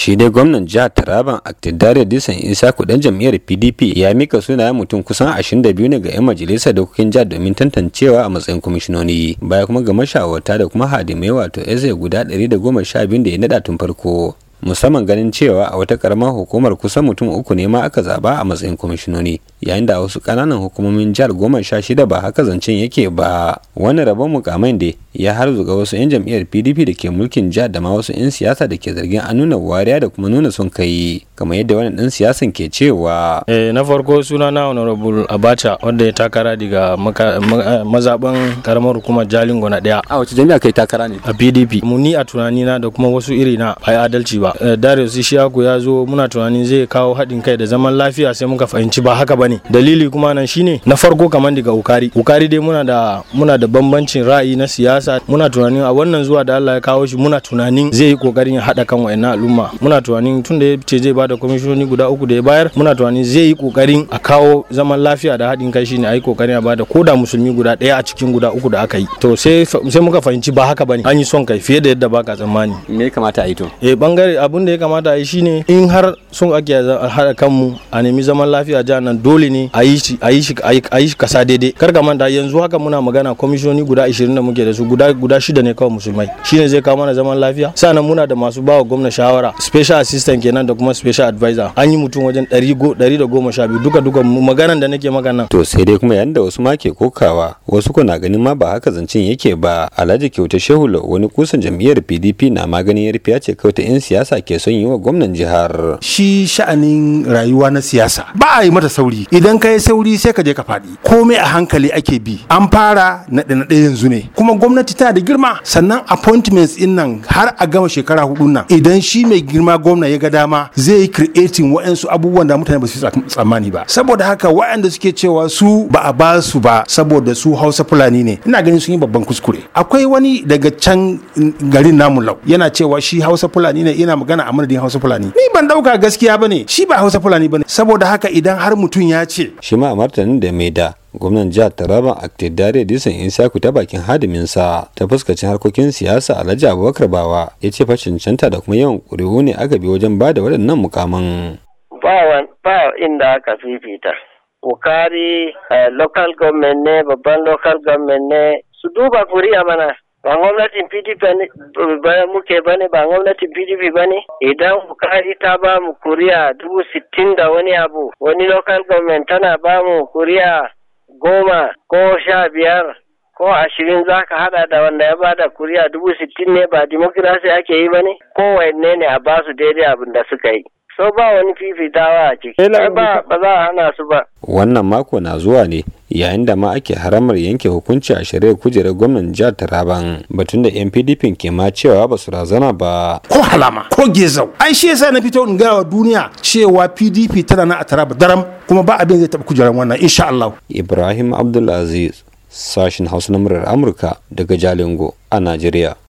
shi dai gwamnan jihar taraban aktidare disan isa kudan jam'iyyar pdp ya mika sunayen mutum kusan 22 ne ga 'yan majalisar dokokin jihar domin tantancewa a matsayin kwamishinoni baya kuma ga mashawarta da kuma hadimai wato eze guda 112 da ya nada tun farko musamman ganin cewa a wata karamar hukumar kusan mutum uku ne ma aka zaba a matsayin kwamishinoni yayin da wasu kananan hukumomin jihar goma sha shida ba haka zancen yake ba wani rabon mukamai da ya zuga wasu 'yan jam'iyyar pdp da ke mulkin jihar da ma wasu 'yan siyasa da ke zargin an nuna wariya da kuma nuna son kai kamar yadda wani dan siyasan ke cewa eh, na farko suna na honorable abacha wanda ya takara daga eh, mazaban karamar hukumar jalingo na daya a wace jami'a kai takara ne a pdp mu ni a tunanina da kuma wasu iri na bai adalci ba eh, darius ishiyaku ya zo muna tunanin zai kawo haɗin kai da zaman lafiya sai muka fahimci ba haka ba bane dalili kuma nan shine na farko kamar daga ukari ukari dai muna da muna da bambancin ra'ayi na siyasa muna tunanin a wannan zuwa da Allah ya kawo shi muna tunanin zai yi kokarin ya hada kan wayannan al'umma muna tunanin tunda ya ce zai bada kwamishoni guda uku da ya bayar muna tunanin zai yi kokarin a kawo zaman lafiya da haɗin kai shine a yi kokarin a bada koda musulmi guda daya a cikin guda uku da aka yi to sai sai muka fahimci ba haka bane an yi son kai fiye da yadda baka tsammani me ya kamata a yi to eh bangare abin da ya kamata a yi shine in har sun ake hada kanmu a nemi zaman lafiya jihar nan dole dole ne a yi shi a yi kasa daidai kar ka manta yanzu haka muna magana komishoni guda 20 da muke da su guda shida ne kawai musulmai shine zai kawo mana zaman lafiya sannan muna da masu bawa gwamna shawara special assistant kenan da kuma special advisor an yi mutum wajen 112 duka duka maganan da nake maka nan to sai dai kuma yanda wasu ma ke kokawa wasu kuna ganin ma ba haka zancen yake ba alhaji kyauta shehulo wani kusan jam'iyyar pdp na maganin yarfiya ce kawai in siyasa ke son yi wa gwamnan jihar shi sha'anin rayuwa na siyasa ba a yi mata sauri idan ka yi sauri sai ka je ka faɗi komai a hankali ake bi an fara naɗe naɗe yanzu ne kuma gwamnati tana da girma sannan appointments in nan har a gama shekara hudu nan idan shi mai girma gwamna ya ga dama zai yi creating waɗansu abubuwan da mutane ba su tsammani ba saboda haka waɗanda suke cewa su ba a ba su ba saboda su hausa fulani ne ina ganin sun yi babban kuskure akwai wani daga can garin namu lau yana cewa shi hausa fulani ne yana magana a madadin hausa fulani ni ban dauka gaskiya bane shi ba hausa fulani bane saboda haka idan har mutum ya ya ce shi ma martanin da mai da gwamnan jihar taraba aktidare disan insaku ta bakin hadimin sa ta fuskacin harkokin siyasa alhaji abubakar bawa ya ce fa da kuma yawan ƙuri'u ne aka bi wajen ba da waɗannan mukaman ba inda aka fifita Kokari eh, local government ne babban local government ne su duba kuri'a mana ba gwamnatin pdp ba muke ba ne ba gwamnatin pdp ba ne idan bukari ta ba mu kuriya dubu sittin da wani abu wani local government tana ba mu kuriya goma ko sha biyar ko ashirin za ka hada da wanda ya bada kuriya dubu sittin ne ba demokirasi ake yi ba ne kowanne ne a basu daidai abin da suka yi so ba wani fifitawa a ciki ba ba za a hana su ba wannan mako na zuwa ne yayin da ma ake haramar yanke hukunci a shari'ar kujerar gwamnan jihar Taraban batun da 'yan PDP ke ma cewa ba su razana ba ko halama ko gezau ai shi yasa na fito in gaya wa duniya cewa PDP tana na a Taraba daram kuma ba abin zai taɓa kujerar wannan insha Allah Ibrahim Abdulaziz sashin Hausa na murar Amurka daga Jalingo a Najeriya